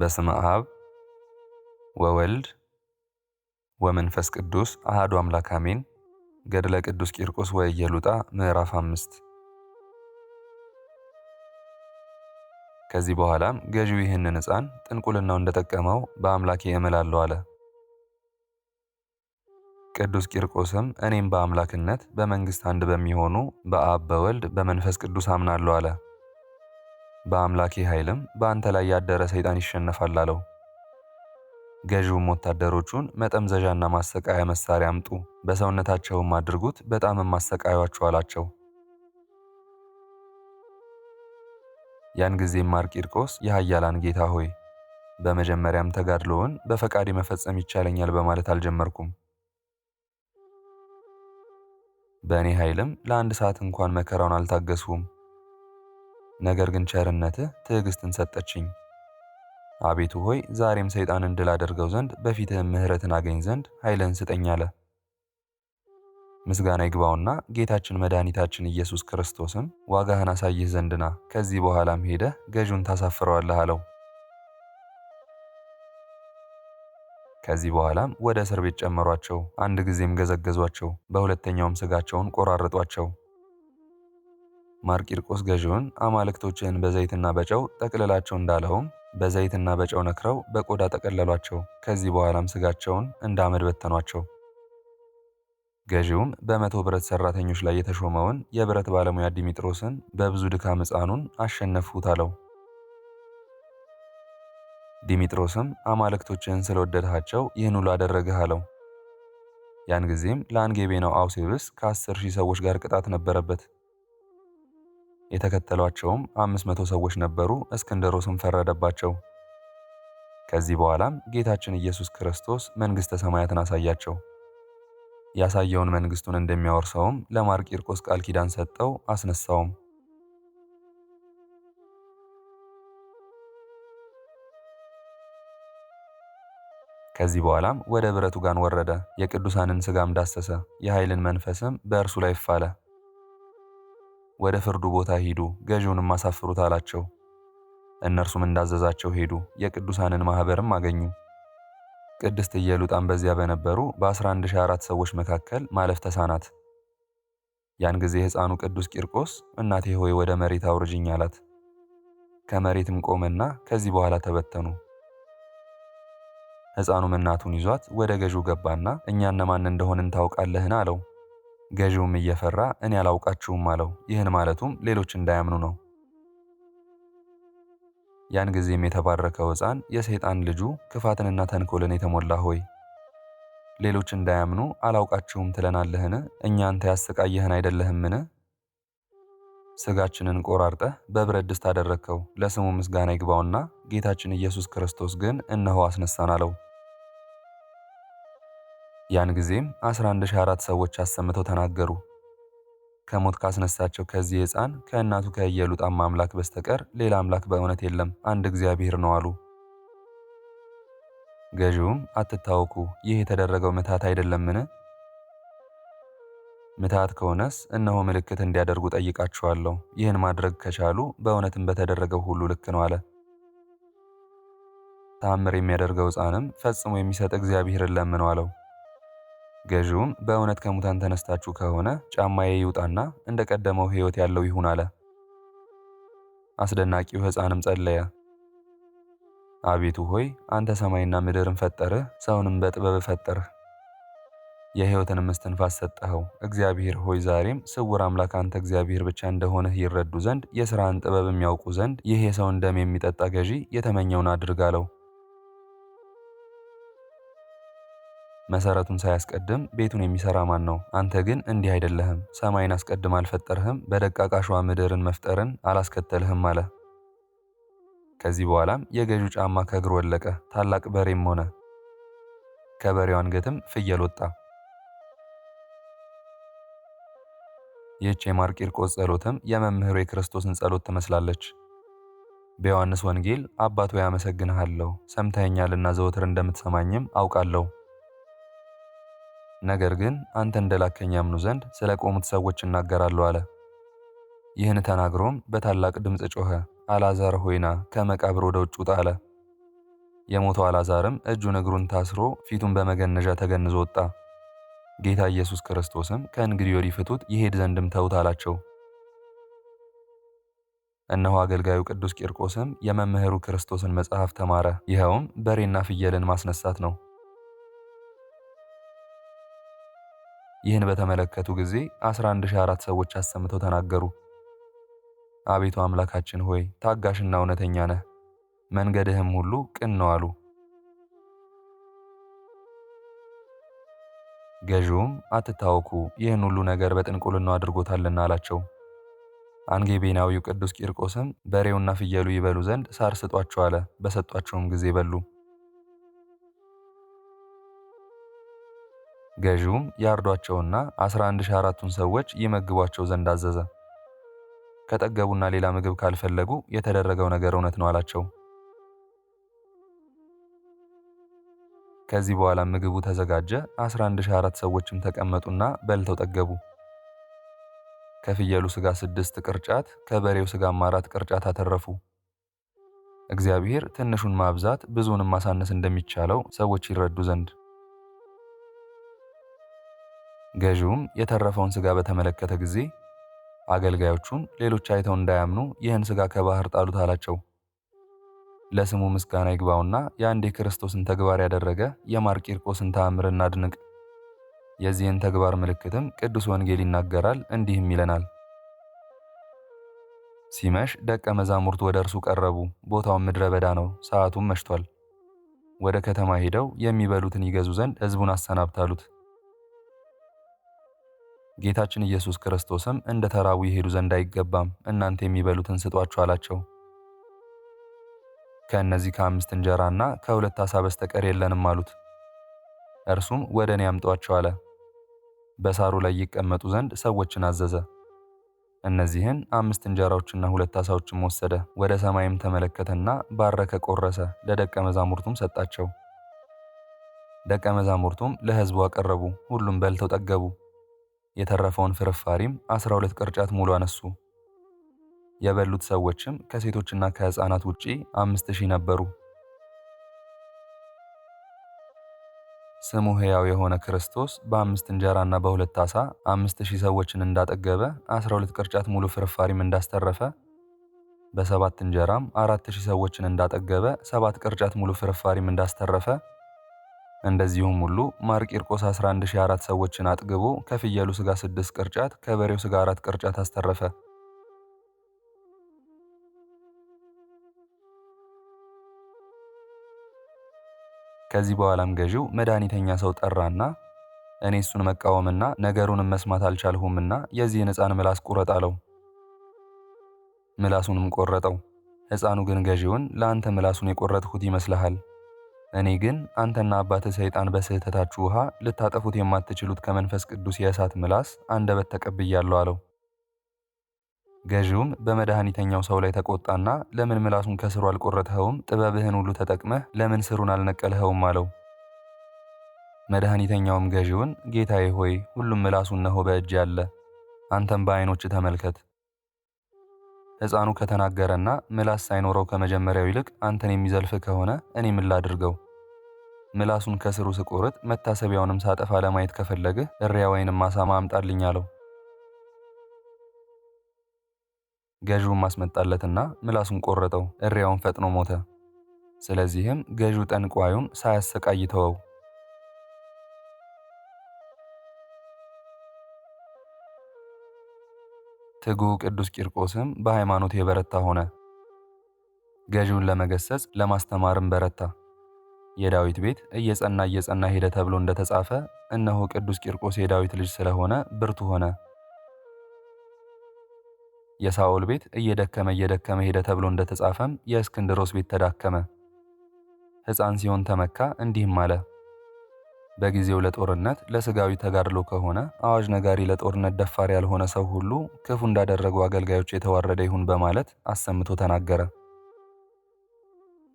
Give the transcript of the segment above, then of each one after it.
በስመ አብ ወወልድ ወመንፈስ ቅዱስ አህዱ አምላክ አሜን። ገድለ ቅዱስ ቂርቆስ ወኢየሉጣ ምዕራፍ አምስት ከዚህ በኋላም ገዢው ይህንን ሕፃን ጥንቁልናው እንደጠቀመው በአምላኬ እምላለሁ አለ። ቅዱስ ቂርቆስም እኔም በአምላክነት በመንግሥት አንድ በሚሆኑ በአብ በወልድ በመንፈስ ቅዱስ አምናለሁ አለ። በአምላኬ ኃይልም በአንተ ላይ ያደረ ሰይጣን ይሸነፋል አለው። ገዢውም ወታደሮቹን መጠምዘዣና ማሰቃያ መሳሪያ አምጡ፣ በሰውነታቸውም አድርጉት፣ በጣምም ማሰቃያቸው አላቸው። ያን ጊዜም ማርቂርቆስ የኃያላን ጌታ ሆይ በመጀመሪያም ተጋድሎውን በፈቃዴ መፈጸም ይቻለኛል በማለት አልጀመርኩም። በእኔ ኃይልም ለአንድ ሰዓት እንኳን መከራውን አልታገስሁም። ነገር ግን ቸርነትህ ትዕግስትን ሰጠችኝ። አቤቱ ሆይ ዛሬም ሰይጣንን ድል አደርገው ዘንድ በፊትህም ምሕረትን አገኝ ዘንድ ኃይልን ስጠኝ አለ። ምስጋና ይግባውና ጌታችን መድኃኒታችን ኢየሱስ ክርስቶስም ዋጋህን አሳይህ ዘንድና ከዚህ በኋላም ሄደህ ገዥውን ታሳፍረዋለህ አለው። ከዚህ በኋላም ወደ እስር ቤት ጨመሯቸው። አንድ ጊዜም ገዘገዟቸው፣ በሁለተኛውም ስጋቸውን ቆራረጧቸው። ማርቂርቆስ ገዢውን አማልክቶችህን በዘይትና በጨው ጠቅልላቸው እንዳለውም በዘይትና በጨው ነክረው በቆዳ ጠቀለሏቸው። ከዚህ በኋላም ስጋቸውን እንደ አመድ በተኗቸው። ገዢውም በመቶ ብረት ሰራተኞች ላይ የተሾመውን የብረት ባለሙያ ዲሚጥሮስን በብዙ ድካም ሕፃኑን አሸነፍሁት አለው። ዲሚጥሮስም አማልክቶችህን ስለወደድሃቸው ይህን ሁሉ አደረግህ አለው። ያን ጊዜም ለአንጌቤናው አውሴብስ ከአስር ሺህ ሰዎች ጋር ቅጣት ነበረበት። የተከተሏቸውም አምስት መቶ ሰዎች ነበሩ። እስክንድሮስም ፈረደባቸው። ከዚህ በኋላም ጌታችን ኢየሱስ ክርስቶስ መንግሥተ ሰማያትን አሳያቸው። ያሳየውን መንግሥቱን እንደሚያወርሰውም ለማርቂርቆስ ቃል ኪዳን ሰጠው፣ አስነሳውም። ከዚህ በኋላም ወደ ብረቱ ጋን ወረደ፣ የቅዱሳንን ሥጋም ዳሰሰ፣ የኃይልን መንፈስም በእርሱ ላይ ይፋለ። ወደ ፍርዱ ቦታ ሂዱ፣ ገዢውንም አሳፍሩት አላቸው። እነርሱም እንዳዘዛቸው ሄዱ። የቅዱሳንን ማኅበርም አገኙ። ቅድስት ኢየሉጣም በዚያ በነበሩ በ11,004 ሰዎች መካከል ማለፍ ተሳናት። ያን ጊዜ ሕፃኑ ቅዱስ ቂርቆስ እናቴ ሆይ ወደ መሬት አውርጅኝ አላት። ከመሬትም ቆመና ከዚህ በኋላ ተበተኑ። ሕፃኑም እናቱን ይዟት ወደ ገዢው ገባና እኛ እነማን እንደሆንን ታውቃለህን አለው። ገዢውም እየፈራ እኔ አላውቃችሁም አለው። ይህን ማለቱም ሌሎች እንዳያምኑ ነው። ያን ጊዜም የተባረከው ሕፃን የሰይጣን ልጁ ክፋትንና ተንኮልን የተሞላ ሆይ ሌሎች እንዳያምኑ አላውቃችሁም ትለናለህን? እኛ አንተ ያሰቃየህን አይደለህምን? ስጋችንን ቆራርጠህ በብረት ድስት አደረግከው። ለስሙ ምስጋና ይግባውና ጌታችን ኢየሱስ ክርስቶስ ግን እነሆ አስነሳን አለው። ያን ጊዜም 11004 ሰዎች አሰምተው ተናገሩ። ከሞት ካስነሳቸው ከዚህ ሕፃን ከእናቱ ከኢየሉጣም አምላክ በስተቀር ሌላ አምላክ በእውነት የለም፣ አንድ እግዚአብሔር ነው አሉ። ገዢውም አትታወኩ፣ ይህ የተደረገው ምትሃት አይደለምን? ምትሃት ከሆነስ እነሆ ምልክት እንዲያደርጉ ጠይቃችኋለሁ። ይህን ማድረግ ከቻሉ በእውነትም በተደረገው ሁሉ ልክ ነው አለ። ተአምር የሚያደርገው ሕፃንም ፈጽሞ የሚሰጥ እግዚአብሔርን ለምነው አለው። ገዢውም በእውነት ከሙታን ተነስታችሁ ከሆነ ጫማዬ ይውጣና እንደ ቀደመው ሕይወት ያለው ይሁን አለ። አስደናቂው ሕፃንም ጸለየ። አቤቱ ሆይ አንተ ሰማይና ምድርን ፈጠርህ፣ ሰውንም በጥበብ ፈጠርህ፣ የሕይወትንም እስትንፋስ ሰጠኸው። እግዚአብሔር ሆይ ዛሬም ስውር አምላክ አንተ እግዚአብሔር ብቻ እንደሆነህ ይረዱ ዘንድ የሥራን ጥበብ የሚያውቁ ዘንድ ይህ የሰውን ደም የሚጠጣ ገዢ የተመኘውን አድርግ አለው። መሰረቱን ሳያስቀድም ቤቱን የሚሰራ ማን ነው? አንተ ግን እንዲህ አይደለህም፣ ሰማይን አስቀድም አልፈጠርህም፣ በደቃቅ አሸዋ ምድርን መፍጠርን አላስከተልህም አለ። ከዚህ በኋላም የገዢው ጫማ ከእግር ወለቀ፣ ታላቅ በሬም ሆነ። ከበሬው አንገትም ፍየል ወጣ። ይህች የማርቂርቆስ ጸሎትም የመምህሩ የክርስቶስን ጸሎት ትመስላለች። በዮሐንስ ወንጌል አባት ሆይ አመሰግንሃለሁ፣ ሰምተኸኛልና ዘወትር እንደምትሰማኝም አውቃለሁ ነገር ግን አንተ እንደላከኝ ያምኑ ዘንድ ስለ ቆሙት ሰዎች እናገራለሁ አለ። ይህን ተናግሮም በታላቅ ድምፅ ጮኸ፣ አላዛር ሆይና ከመቃብር ወደ ውጭ ውጣ አለ። የሞተው አላዛርም እጁን እግሩን ታስሮ ፊቱን በመገነዣ ተገንዞ ወጣ። ጌታ ኢየሱስ ክርስቶስም ከእንግዲህ ወዲህ ፍቱት ይሄድ ዘንድም ተውት አላቸው። እነሆ አገልጋዩ ቅዱስ ቂርቆስም የመምህሩ ክርስቶስን መጽሐፍ ተማረ። ይኸውም በሬና ፍየልን ማስነሳት ነው። ይህን በተመለከቱ ጊዜ 11004 ሰዎች አሰምተው ተናገሩ። አቤቱ አምላካችን ሆይ ታጋሽና እውነተኛ ነህ፣ መንገድህም ሁሉ ቅን ነው አሉ። ገዢውም አትታወኩ፣ ይህን ሁሉ ነገር በጥንቁልና አድርጎታልና አላቸው። አንጌቤናዊው ቅዱስ ቂርቆስም በሬውና ፍየሉ ይበሉ ዘንድ ሳር ስጧቸው አለ። በሰጧቸውም ጊዜ በሉ። ገዢውም ያርዷቸውና 11400ቱን ሰዎች ይመግቧቸው ዘንድ አዘዘ። ከጠገቡና ሌላ ምግብ ካልፈለጉ የተደረገው ነገር እውነት ነው አላቸው። ከዚህ በኋላ ምግቡ ተዘጋጀ። 11400 ሰዎችም ተቀመጡና በልተው ጠገቡ። ከፍየሉ ስጋ ስድስት ቅርጫት ከበሬው ሥጋም አራት ቅርጫት አተረፉ። እግዚአብሔር ትንሹን ማብዛት ብዙውንም ማሳነስ እንደሚቻለው ሰዎች ይረዱ ዘንድ ገዢውም የተረፈውን ሥጋ በተመለከተ ጊዜ አገልጋዮቹን ሌሎች አይተው እንዳያምኑ ይህን ሥጋ ከባህር ጣሉት አላቸው። ለስሙ ምስጋና ይግባውና የአንድ የክርስቶስን ተግባር ያደረገ የማር ቂርቆስን ተአምር እናድንቅ። የዚህን ተግባር ምልክትም ቅዱስ ወንጌል ይናገራል፣ እንዲህም ይለናል። ሲመሽ ደቀ መዛሙርት ወደ እርሱ ቀረቡ። ቦታውን ምድረ በዳ ነው፣ ሰዓቱም መሽቷል። ወደ ከተማ ሄደው የሚበሉትን ይገዙ ዘንድ ሕዝቡን አሰናብታሉት ጌታችን ኢየሱስ ክርስቶስም እንደ ተራቡ ይሄዱ ዘንድ አይገባም፣ እናንተ የሚበሉትን ስጧቸው አላቸው። ከእነዚህ ከአምስት እንጀራና ከሁለት ዓሣ በስተቀር የለንም አሉት። እርሱም ወደ እኔ አምጧቸው አለ። በሳሩ ላይ ይቀመጡ ዘንድ ሰዎችን አዘዘ። እነዚህን አምስት እንጀራዎችና ሁለት ዓሣዎችም ወሰደ። ወደ ሰማይም ተመለከተና ባረከ፣ ቆረሰ፣ ለደቀ መዛሙርቱም ሰጣቸው። ደቀ መዛሙርቱም ለሕዝቡ አቀረቡ። ሁሉም በልተው ጠገቡ። የተረፈውን ፍርፋሪም 12 ቅርጫት ሙሉ አነሱ። የበሉት ሰዎችም ከሴቶችና ከህፃናት ውጪ አምስት ሺህ ነበሩ። ስሙ ሕያው የሆነ ክርስቶስ በአምስት እንጀራና በሁለት ዓሣ አምስት ሺህ ሰዎችን እንዳጠገበ አስራ ሁለት ቅርጫት ሙሉ ፍርፋሪም እንዳስተረፈ በሰባት እንጀራም አራት ሺህ ሰዎችን እንዳጠገበ ሰባት ቅርጫት ሙሉ ፍርፋሪም እንዳስተረፈ እንደዚሁም ሁሉ ማር ቂርቆስ ሰዎችን አጥግቦ ከፍየሉ ስጋ 6 ቅርጫት ከበሬው ስጋ 4 ቅርጫት አስተረፈ። ከዚህ በኋላም ገዢው መድኃኒተኛ ሰው ጠራና እኔ እሱን መቃወምና ነገሩንም መስማት አልቻልሁምና የዚህን ሕፃን ምላስ ቁረጥ አለው። ምላሱንም ቆረጠው። ሕፃኑ ግን ገዢውን ለአንተ ምላሱን የቆረጥሁት ይመስልሃል እኔ ግን አንተና አባተ ሰይጣን በስህተታችሁ ውሃ ልታጠፉት የማትችሉት ከመንፈስ ቅዱስ የእሳት ምላስ አንደበት ተቀብያለሁ አለው። ገዢውም በመድኃኒተኛው ሰው ላይ ተቆጣና ለምን ምላሱን ከስሩ አልቆረጥኸውም? ጥበብህን ሁሉ ተጠቅመህ ለምን ስሩን አልነቀልኸውም? አለው። መድኃኒተኛውም ገዢውን ጌታዬ ሆይ ሁሉም ምላሱን ነሆ በእጅ አለ፣ አንተም በዐይኖች ተመልከት ሕፃኑ ከተናገረና ምላስ ሳይኖረው ከመጀመሪያው ይልቅ አንተን የሚዘልፍ ከሆነ እኔ ምን ላድርገው? ምላሱን ከስሩ ስቆርጥ መታሰቢያውንም ሳጠፋ ለማየት ከፈለግህ እሪያ ወይንም አሳማ አምጣልኝ አለው። ገዢውም አስመጣለትና ምላሱን ቆረጠው፣ እሪያውን ፈጥኖ ሞተ። ስለዚህም ገዢው ጠንቋዩን ሳያሰቃይ ተወው። ትጉ ቅዱስ ቂርቆስም በሃይማኖት የበረታ ሆነ። ገዢውን ለመገሰጽ ለማስተማርም በረታ። የዳዊት ቤት እየጸና እየጸና ሄደ ተብሎ እንደተጻፈ እነሆ ቅዱስ ቂርቆስ የዳዊት ልጅ ስለሆነ ብርቱ ሆነ። የሳኦል ቤት እየደከመ እየደከመ ሄደ ተብሎ እንደተጻፈም የእስክንድሮስ ቤት ተዳከመ። ሕፃን ሲሆን ተመካ፣ እንዲህም አለ፦ በጊዜው ለጦርነት ለስጋዊ ተጋድሎ ከሆነ አዋጅ ነጋሪ ለጦርነት ደፋር ያልሆነ ሰው ሁሉ ክፉ እንዳደረጉ አገልጋዮች የተዋረደ ይሁን በማለት አሰምቶ ተናገረ።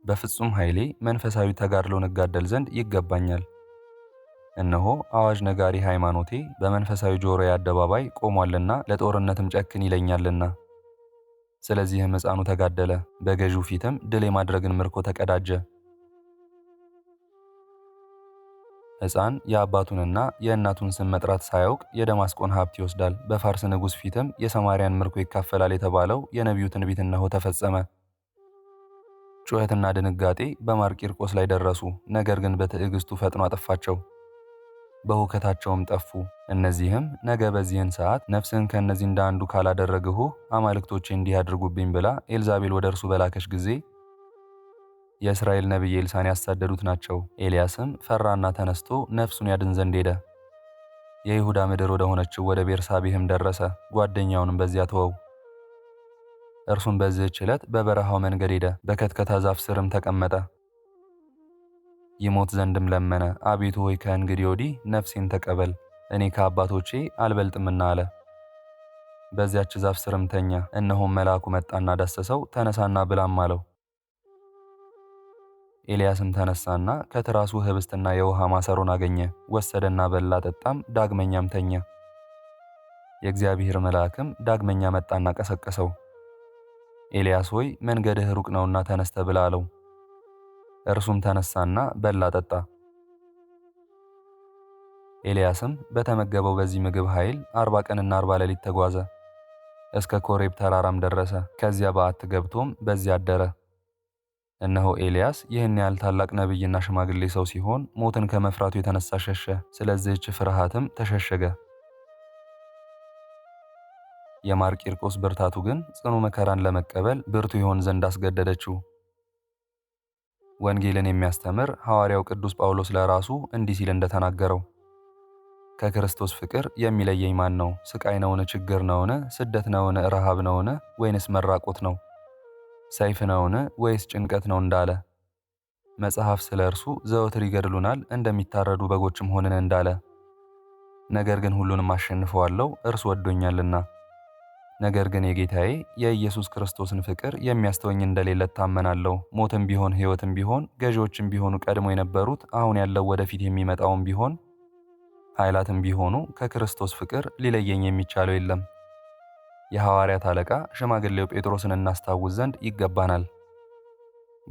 በፍጹም ኃይሌ መንፈሳዊ ተጋድሎን እጋደል ዘንድ ይገባኛል። እነሆ አዋጅ ነጋሪ ሃይማኖቴ በመንፈሳዊ ጆሮ አደባባይ ቆሟልና ለጦርነትም ጨክን ይለኛልና። ስለዚህም ሕፃኑ ተጋደለ፣ በገዢው ፊትም ድል የማድረግን ምርኮ ተቀዳጀ። ሕፃን የአባቱንና የእናቱን ስም መጥራት ሳያውቅ የደማስቆን ሀብት ይወስዳል። በፋርስ ንጉሥ ፊትም የሰማርያን ምርኮ ይካፈላል የተባለው የነቢዩ ትንቢት እነሆ ተፈጸመ። ጩኸትና ድንጋጤ በማርቂርቆስ ላይ ደረሱ። ነገር ግን በትዕግሥቱ ፈጥኖ አጠፋቸው፣ በሁከታቸውም ጠፉ። እነዚህም ነገ በዚህን ሰዓት ነፍስህን ከእነዚህ እንደ አንዱ ካላደረግሁ አማልክቶቼ እንዲህ ያድርጉብኝ ብላ ኤልዛቤል ወደ እርሱ በላከች ጊዜ የእስራኤል ነቢይ ኤልሳን ያሳደዱት ናቸው። ኤልያስም ፈራና ተነስቶ ነፍሱን ያድን ዘንድ ሄደ። የይሁዳ ምድር ወደ ሆነችው ወደ ቤርሳቤህም ደረሰ። ጓደኛውንም በዚያ ተወው። እርሱም በዚህች ዕለት በበረሃው መንገድ ሄደ። በከትከታ ዛፍ ስርም ተቀመጠ። ይሞት ዘንድም ለመነ። አቤቱ ሆይ ከእንግዲህ ወዲህ ነፍሴን ተቀበል፣ እኔ ከአባቶቼ አልበልጥምና አለ። በዚያች ዛፍ ስርም ተኛ። እነሆም መልአኩ መጣና ዳሰሰው፣ ተነሳና ብላም አለው። ኤልያስም ተነሳና ከትራሱ ህብስትና የውሃ ማሰሮን አገኘ። ወሰደና በላ ጠጣም፣ ዳግመኛም ተኛ። የእግዚአብሔር መልአክም ዳግመኛ መጣና ቀሰቀሰው። ኤልያስ ሆይ መንገድህ ሩቅ ነውና ተነስተ ብላ አለው። እርሱም ተነሳና በላ ጠጣ። ኤልያስም በተመገበው በዚህ ምግብ ኃይል አርባ ቀንና አርባ ሌሊት ተጓዘ። እስከ ኮሬብ ተራራም ደረሰ። ከዚያ በዓት ገብቶም በዚያ አደረ። እነሆ ኤልያስ ይህን ያህል ታላቅ ነቢይና ሽማግሌ ሰው ሲሆን ሞትን ከመፍራቱ የተነሳ ሸሸ። ስለዚህች ፍርሃትም ተሸሸገ። የማር ቂርቆስ ብርታቱ ግን ጽኑ መከራን ለመቀበል ብርቱ ይሆን ዘንድ አስገደደችው። ወንጌልን የሚያስተምር ሐዋርያው ቅዱስ ጳውሎስ ለራሱ እንዲህ ሲል እንደተናገረው ከክርስቶስ ፍቅር የሚለየኝ ማን ነው? ስቃይ ነውን? ችግር ነውን? ስደት ነውን? ረሃብ ነውን? ወይንስ መራቆት ነው? ሰይፍ ነውን ወይስ ጭንቀት ነው እንዳለ መጽሐፍ ስለ እርሱ ዘወትር ይገድሉናል እንደሚታረዱ በጎችም ሆንን እንዳለ ነገር ግን ሁሉንም አሸንፈዋለሁ እርሱ ወዶኛልና። ነገር ግን የጌታዬ የኢየሱስ ክርስቶስን ፍቅር የሚያስተወኝ እንደሌለ ታመናለሁ ሞትም ቢሆን ሕይወትም ቢሆን ገዢዎችም ቢሆኑ ቀድሞ የነበሩት አሁን ያለው ወደፊት የሚመጣውም ቢሆን ኃይላትም ቢሆኑ ከክርስቶስ ፍቅር ሊለየኝ የሚቻለው የለም። የሐዋርያት አለቃ ሽማግሌው ጴጥሮስን እናስታውስ ዘንድ ይገባናል።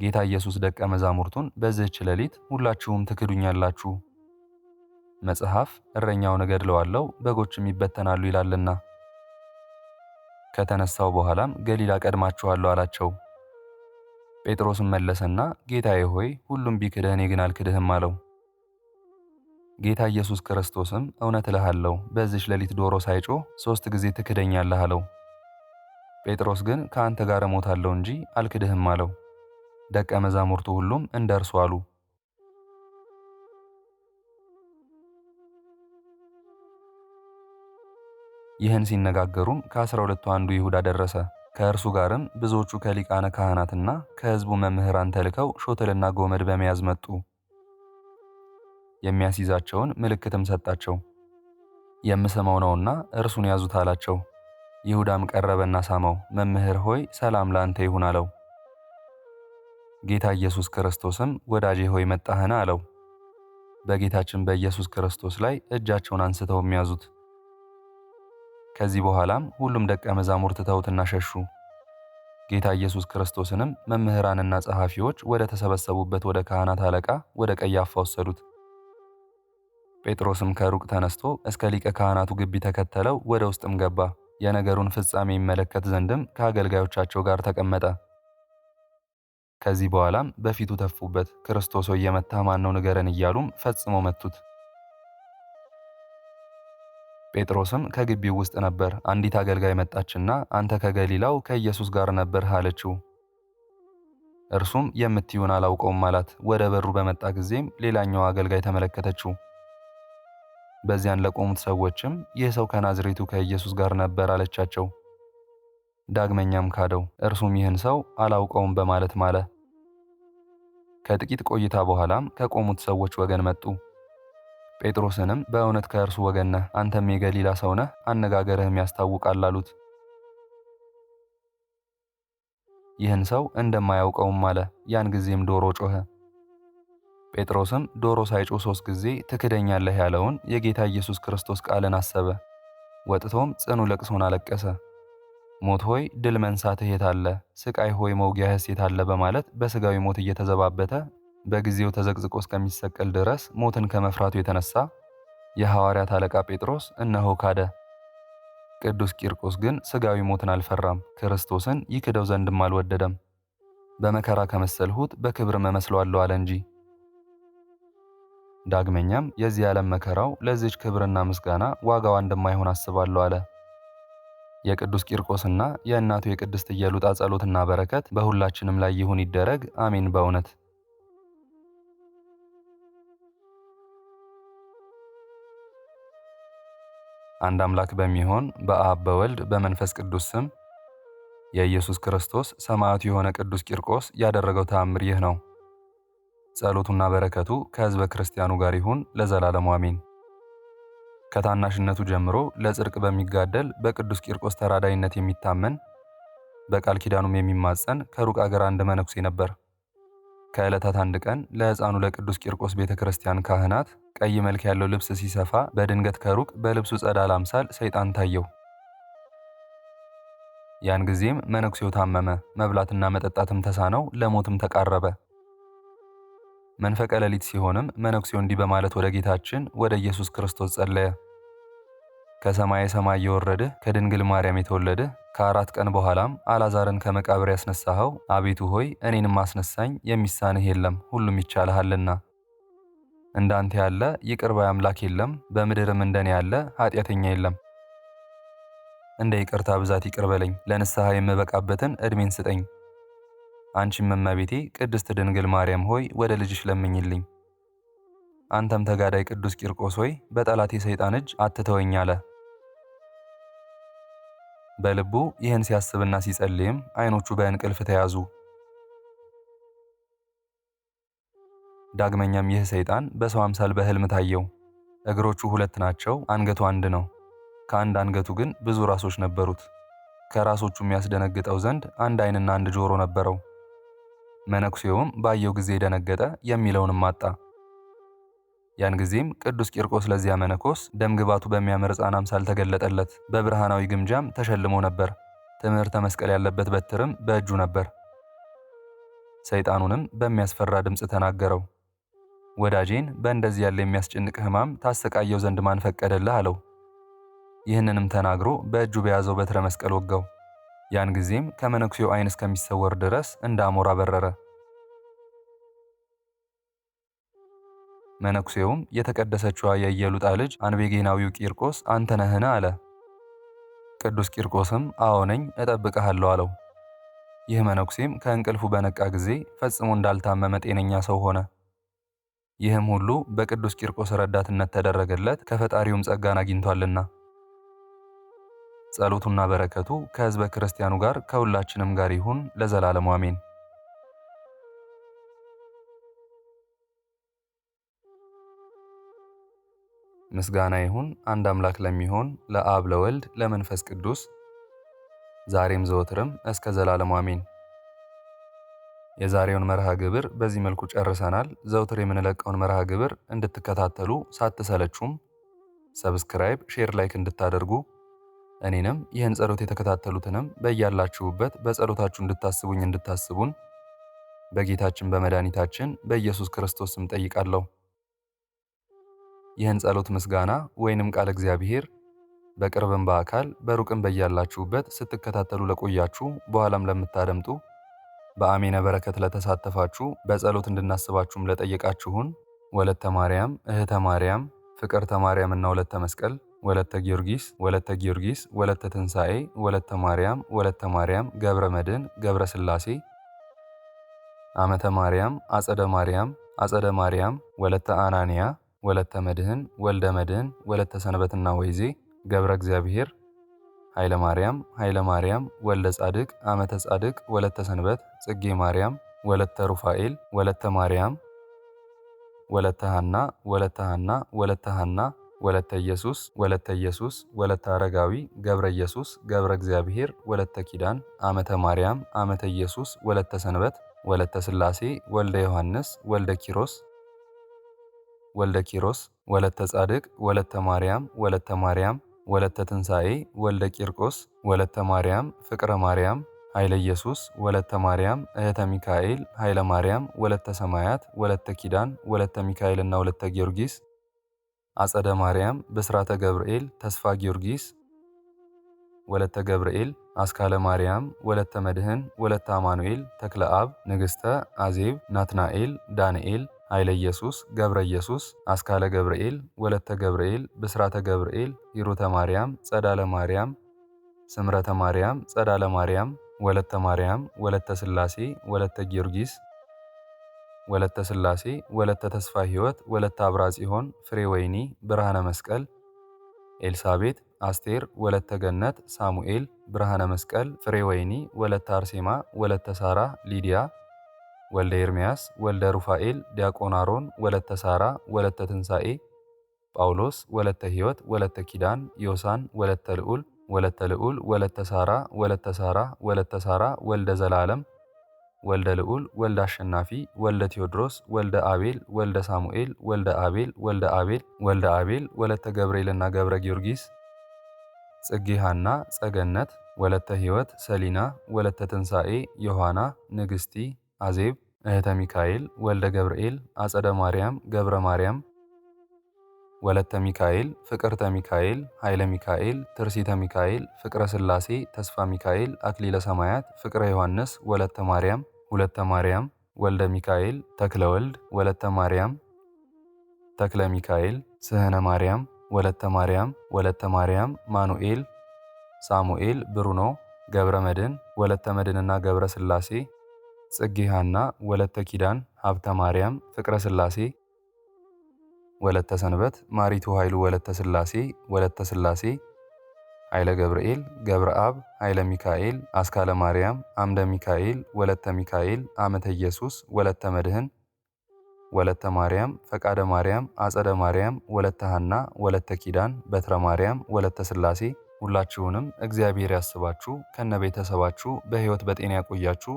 ጌታ ኢየሱስ ደቀ መዛሙርቱን በዚህች ሌሊት ሁላችሁም ትክዱኛላችሁ፣ መጽሐፍ እረኛውን እገድለዋለሁ በጎችም ይበተናሉ ይላልና ከተነሳው በኋላም ገሊላ ቀድማችኋለሁ አላቸው። ጴጥሮስም መለሰና ጌታዬ ሆይ ሁሉም ቢክድህ እኔ ግን አልክድህም አለው። ጌታ ኢየሱስ ክርስቶስም እውነት እልሃለሁ በዚች ሌሊት ዶሮ ሳይጮህ ሦስት ጊዜ ትክደኛለህ አለው። ጴጥሮስ ግን ከአንተ ጋር እሞታለሁ እንጂ አልክድህም አለው። ደቀ መዛሙርቱ ሁሉም እንደ እርሱ አሉ። ይህን ሲነጋገሩም ከአስራ ሁለቱ አንዱ ይሁዳ ደረሰ። ከእርሱ ጋርም ብዙዎቹ ከሊቃነ ካህናትና ከሕዝቡ መምህራን ተልከው ሾተልና ጎመድ በመያዝ መጡ። የሚያስይዛቸውን ምልክትም ሰጣቸው። የምሰማው ነውና እርሱን ያዙት አላቸው። ይሁዳም ቀረበና ሳመው፣ መምህር ሆይ ሰላም ለአንተ ይሁን አለው። ጌታ ኢየሱስ ክርስቶስም ወዳጄ ሆይ መጣህን አለው። በጌታችን በኢየሱስ ክርስቶስ ላይ እጃቸውን አንስተው የሚያዙት። ከዚህ በኋላም ሁሉም ደቀ መዛሙርት ተውትና ሸሹ። ጌታ ኢየሱስ ክርስቶስንም መምህራንና ጸሐፊዎች ወደ ተሰበሰቡበት ወደ ካህናት አለቃ ወደ ቀያፋ ወሰዱት። ጴጥሮስም ከሩቅ ተነስቶ እስከ ሊቀ ካህናቱ ግቢ ተከተለው ወደ ውስጥም ገባ። የነገሩን ፍጻሜ ይመለከት ዘንድም ከአገልጋዮቻቸው ጋር ተቀመጠ። ከዚህ በኋላም በፊቱ ተፉበት። ክርስቶስ ሆይ የመታ ማን ነው ንገረን እያሉም ፈጽሞ መቱት። ጴጥሮስም ከግቢው ውስጥ ነበር። አንዲት አገልጋይ መጣችና አንተ ከገሊላው ከኢየሱስ ጋር ነበር አለችው። እርሱም የምትዩን አላውቀውም አላት። ወደ በሩ በመጣ ጊዜም ሌላኛው አገልጋይ ተመለከተችው። በዚያን ለቆሙት ሰዎችም ይህ ሰው ከናዝሬቱ ከኢየሱስ ጋር ነበር አለቻቸው። ዳግመኛም ካደው፣ እርሱም ይህን ሰው አላውቀውም በማለት ማለ። ከጥቂት ቆይታ በኋላም ከቆሙት ሰዎች ወገን መጡ። ጴጥሮስንም በእውነት ከእርሱ ወገን ነህ፣ አንተም የገሊላ ሰው ነህ፣ አነጋገርህም ያስታውቃል አሉት። ይህን ሰው እንደማያውቀውም አለ። ያን ጊዜም ዶሮ ጮኸ። ጴጥሮስም ዶሮ ሳይጮ ሦስት ጊዜ ትክደኛለህ ያለውን የጌታ ኢየሱስ ክርስቶስ ቃልን አሰበ። ወጥቶም ጽኑ ለቅሶን አለቀሰ። ሞት ሆይ ድል መንሳትህ አለ። ስቃይ ሆይ መውጊያህስ አለ በማለት በሥጋዊ ሞት እየተዘባበተ በጊዜው ተዘቅዝቆ እስከሚሰቀል ድረስ ሞትን ከመፍራቱ የተነሳ የሐዋርያት አለቃ ጴጥሮስ እነሆ ካደ። ቅዱስ ቂርቆስ ግን ሥጋዊ ሞትን አልፈራም፣ ክርስቶስን ይክደው ዘንድም አልወደደም። በመከራ ከመሰልሁት በክብር መመስለዋለሁ አለ እንጂ ዳግመኛም የዚህ ዓለም መከራው ለዚች ክብርና ምስጋና ዋጋዋ እንደማይሆን አስባለሁ አለ። የቅዱስ ቂርቆስና የእናቱ የቅድስት ኢየሉጣ ጸሎትና በረከት በሁላችንም ላይ ይሁን ይደረግ፣ አሜን። በእውነት አንድ አምላክ በሚሆን በአብ በወልድ በመንፈስ ቅዱስ ስም የኢየሱስ ክርስቶስ ሰማዕቱ የሆነ ቅዱስ ቂርቆስ ያደረገው ተአምር ይህ ነው። ጸሎቱና በረከቱ ከህዝበ ክርስቲያኑ ጋር ይሁን ለዘላለሙ አሜን። ከታናሽነቱ ጀምሮ ለጽድቅ በሚጋደል በቅዱስ ቂርቆስ ተራዳይነት የሚታመን በቃል ኪዳኑም የሚማጸን ከሩቅ አገር አንድ መነኩሴ ነበር። ከዕለታት አንድ ቀን ለሕፃኑ ለቅዱስ ቂርቆስ ቤተ ክርስቲያን ካህናት ቀይ መልክ ያለው ልብስ ሲሰፋ በድንገት ከሩቅ በልብሱ ጸዳል አምሳል ሰይጣን ታየው። ያን ጊዜም መነኩሴው ታመመ፣ መብላትና መጠጣትም ተሳነው፣ ለሞትም ተቃረበ። መንፈቀ ሌሊት ሲሆንም መነኩሴው እንዲህ በማለት ወደ ጌታችን ወደ ኢየሱስ ክርስቶስ ጸለየ። ከሰማይ ሰማይ የወረድህ ከድንግል ማርያም የተወለድህ ከአራት ቀን በኋላም አላዛርን ከመቃብር ያስነሳኸው አቤቱ ሆይ እኔንም አስነሳኝ፣ የሚሳንህ የለም ሁሉም ይቻልሃልና። እንዳንተ ያለ ይቅር ባይ አምላክ የለም፣ በምድርም እንደኔ ያለ ኃጢአተኛ የለም። እንደ ይቅርታ ብዛት ይቅር በለኝ፣ ለንስሐ የምበቃበትን ዕድሜን ስጠኝ አንቺም እመቤቴ ቅድስት ድንግል ማርያም ሆይ ወደ ልጅሽ ለምኝልኝ። አንተም ተጋዳይ ቅዱስ ቂርቆስ ሆይ በጠላት የሰይጣን እጅ አትተወኝ አለ። በልቡ ይህን ሲያስብና ሲጸልይም ዓይኖቹ በእንቅልፍ ተያዙ። ዳግመኛም ይህ ሰይጣን በሰው አምሳል በሕልም ታየው። እግሮቹ ሁለት ናቸው፣ አንገቱ አንድ ነው። ከአንድ አንገቱ ግን ብዙ ራሶች ነበሩት። ከራሶቹም ያስደነግጠው ዘንድ አንድ ዓይንና አንድ ጆሮ ነበረው። መነኩሴውም ባየው ጊዜ ደነገጠ፣ የሚለውንም አጣ። ያን ጊዜም ቅዱስ ቂርቆስ ለዚያ መነኮስ ደምግባቱ በሚያምር ሕፃን አምሳል ተገለጠለት። በብርሃናዊ ግምጃም ተሸልሞ ነበር። ትምህርተ መስቀል ያለበት በትርም በእጁ ነበር። ሰይጣኑንም በሚያስፈራ ድምፅ ተናገረው። ወዳጄን በእንደዚህ ያለ የሚያስጨንቅ ሕማም ታሰቃየው ዘንድ ማን ፈቀደልህ? አለው። ይህንንም ተናግሮ በእጁ በያዘው በትረ መስቀል ወጋው። ያን ጊዜም ከመነኩሴው ዓይን እስከሚሰወር ድረስ እንደ አሞራ በረረ። መነኩሴውም የተቀደሰችዋ የኢየሉጣ ልጅ አንቤጌናዊው ቂርቆስ አንተ ነህን? አለ። ቅዱስ ቂርቆስም አዎነኝ፣ እጠብቀሃለሁ አለው። ይህ መነኩሴም ከእንቅልፉ በነቃ ጊዜ ፈጽሞ እንዳልታመመ ጤነኛ ሰው ሆነ። ይህም ሁሉ በቅዱስ ቂርቆስ ረዳትነት ተደረገለት፣ ከፈጣሪውም ጸጋን አግኝቷልና። ጸሎቱና በረከቱ ከሕዝበ ክርስቲያኑ ጋር ከሁላችንም ጋር ይሁን ለዘላለሙ አሜን። ምስጋና ይሁን አንድ አምላክ ለሚሆን ለአብ ለወልድ ለመንፈስ ቅዱስ ዛሬም ዘወትርም እስከ ዘላለሙ አሜን። የዛሬውን መርሃ ግብር በዚህ መልኩ ጨርሰናል። ዘውትር የምንለቀውን መርሃ ግብር እንድትከታተሉ ሳትሰለችም ሰብስክራይብ፣ ሼር፣ ላይክ እንድታደርጉ እኔንም ይህን ጸሎት የተከታተሉትንም በያላችሁበት በጸሎታችሁ እንድታስቡኝ እንድታስቡን በጌታችን በመድኃኒታችን በኢየሱስ ክርስቶስ ስም ጠይቃለሁ። ይህን ጸሎት ምስጋና ወይንም ቃል እግዚአብሔር በቅርብም በአካል በሩቅም በያላችሁበት ስትከታተሉ ለቆያችሁ በኋላም ለምታደምጡ በአሜነ በረከት ለተሳተፋችሁ በጸሎት እንድናስባችሁም ለጠየቃችሁን ወለተ ማርያም፣ እህተ ማርያም፣ ፍቅርተ ሁለተ ወለተ መስቀል ወለተ ጊዮርጊስ ወለተ ጊዮርጊስ ወለተ ትንሣኤ ወለተ ማርያም ወለተ ማርያም ገብረ መድን፣ ገብረ ስላሴ አመተ ማርያም አጸደ ማርያም አጸደ ማርያም ወለተ አናንያ ወለተ መድህን ወልደ መድህን ወለተ ሰንበትና ወይዜ ገብረ እግዚአብሔር ኃይለ ማርያም ኃይለ ማርያም ወልደ ጻድቅ አመተ ጻድቅ ወለተ ሰንበት ጽጌ ማርያም ወለተ ሩፋኤል ወለተ ማርያም ወለተ ሐና ወለተ ሐና ወለተ ሐና ወለተ ኢየሱስ ወለተ ኢየሱስ ወለተ አረጋዊ ገብረ ኢየሱስ ገብረ እግዚአብሔር ወለተ ኪዳን አመተ ማርያም አመተ ኢየሱስ ወለተ ሰንበት ወለተ ስላሴ ወልደ ዮሐንስ ወልደ ኪሮስ ወልደ ኪሮስ ወለተ ጻድቅ ወለተ ማርያም ወለተ ማርያም ወለተ ትንሣኤ ወልደ ቂርቆስ ወለተ ማርያም ፍቅረ ማርያም ኃይለ ኢየሱስ ወለተ ማርያም እህተ ሚካኤል ኃይለ ማርያም ወለተ ሰማያት ወለተ ኪዳን ወለተ ሚካኤልና ወለተ ጊዮርጊስ አጸደ ማርያም፣ ብስራተ ገብርኤል፣ ተስፋ ጊዮርጊስ፣ ወለተ ገብርኤል፣ አስካለ ማርያም፣ ወለተ መድህን፣ ወለተ አማኑኤል፣ ተክለ አብ፣ ንግሥተ አዜብ፣ ናትናኤል፣ ዳንኤል፣ ኃይለ ኢየሱስ፣ ገብረ ኢየሱስ፣ አስካለ ገብርኤል፣ ወለተ ገብርኤል፣ ብስራተ ገብርኤል፣ ሂሩተ ማርያም፣ ጸዳለ ማርያም፣ ስምረተ ማርያም፣ ጸዳለ ማርያም፣ ወለተ ማርያም፣ ወለተ ስላሴ ወለተ ጊዮርጊስ ወለተ ስላሴ ወለተ ተስፋ ህይወት ወለተ አብራ ጽዮን፣ ፍሬ ወይኒ፣ ብርሃነ መስቀል፣ ኤልሳቤት፣ አስቴር፣ ወለተ ገነት፣ ሳሙኤል፣ ብርሃነ መስቀል፣ ፍሬ ወይኒ፣ ወለተ አርሴማ፣ ወለተ ሳራ፣ ሊዲያ፣ ወልደ ኤርሚያስ፣ ወልደ ሩፋኤል፣ ዲያቆን አሮን፣ ወለተ ሳራ፣ ወለተ ትንሣኤ፣ ጳውሎስ፣ ወለተ ሕይወት፣ ወለተ ኪዳን፣ ዮሳን፣ ወለተ ልዑል፣ ወለተ ልዑል፣ ወለተ ሳራ፣ ወለተ ሳራ፣ ወለተ ሳራ፣ ወልደ ዘላለም ወልደ ልዑል ወልደ አሸናፊ ወልደ ቴዎድሮስ ወልደ አቤል ወልደ ሳሙኤል ወልደ አቤል ወልደ አቤል ወልደ አቤል ወለተ ገብርኤልና ገብረ ጊዮርጊስ ጽጌሃና ጸገነት ወለተ ሕይወት ሰሊና ወለተ ትንሣኤ ዮሐና ንግሥቲ አዜብ እህተ ሚካኤል ወልደ ገብርኤል አጸደ ማርያም ገብረ ማርያም ወለተ ሚካኤል ፍቅርተ ሚካኤል ኃይለ ሚካኤል ትርሲተ ሚካኤል ፍቅረ ሥላሴ ተስፋ ሚካኤል አክሊለ ሰማያት ፍቅረ ዮሐንስ ወለተ ማርያም ሁለተ ማርያም ወልደ ሚካኤል ተክለ ወልድ ወለተ ማርያም ተክለ ሚካኤል ስህነ ማርያም ወለተ ማርያም ወለተ ማርያም ማኑኤል ሳሙኤል ብሩኖ ገብረ መድን ወለተ መድንና ገብረ ስላሴ ጽጌሃና ወለተ ኪዳን ሀብተ ማርያም ፍቅረ ስላሴ ወለተ ሰንበት ማሪቱ ኃይሉ ወለተ ስላሴ ወለተ ስላሴ ኃይለ ገብርኤል፣ ገብረ አብ፣ ኃይለ ሚካኤል፣ አስካለ ማርያም፣ አምደ ሚካኤል፣ ወለተ ሚካኤል፣ አመተ ኢየሱስ፣ ወለተ መድህን፣ ወለተ ማርያም፣ ፈቃደ ማርያም፣ አጸደ ማርያም፣ ወለተ ሐና፣ ወለተ ኪዳን፣ በትረ ማርያም፣ ወለተ ስላሴ ሁላችሁንም እግዚአብሔር ያስባችሁ ከነ ቤተሰባችሁ በህይወት በጤና ያቆያችሁ።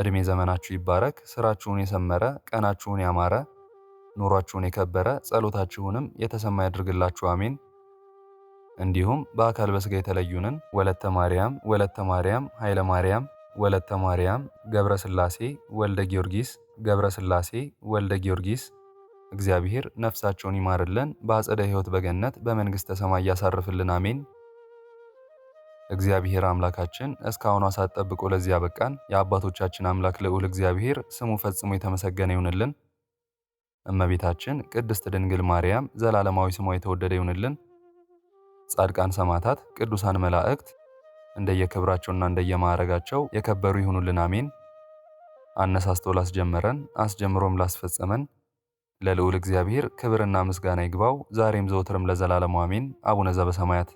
እድሜ ዘመናችሁ ይባረክ። ስራችሁን የሰመረ ቀናችሁን ያማረ ኑሯችሁን የከበረ ጸሎታችሁንም የተሰማ ያድርግላችሁ። አሜን። እንዲሁም በአካል በስጋ የተለዩንን ወለተ ማርያም፣ ወለተ ማርያም፣ ኃይለ ማርያም፣ ወለተ ማርያም፣ ገብረ ስላሴ፣ ወልደ ጊዮርጊስ፣ ገብረ ስላሴ ወልደ ጊዮርጊስ እግዚአብሔር ነፍሳቸውን ይማርልን፣ በአጸደ ሕይወት በገነት በመንግሥተ ሰማይ ያሳርፍልን። አሜን። እግዚአብሔር አምላካችን እስካሁኗ ሰዓት ጠብቆ ለዚህ ያበቃን የአባቶቻችን አምላክ ልዑል እግዚአብሔር ስሙ ፈጽሞ የተመሰገነ ይሁንልን። እመቤታችን ቅድስት ድንግል ማርያም ዘላለማዊ ስሟ የተወደደ ይሁንልን። ጻድቃን ሰማዕታት፣ ቅዱሳን መላእክት እንደየክብራቸውና እንደየማዕረጋቸው የከበሩ ይሁኑልን። አሜን። አነሳስቶ ላስጀመረን አስጀምሮም ላስፈጸመን ለልዑል እግዚአብሔር ክብርና ምስጋና ይግባው ዛሬም ዘወትርም ለዘላለሙ አሜን። አቡነ ዘበሰማያት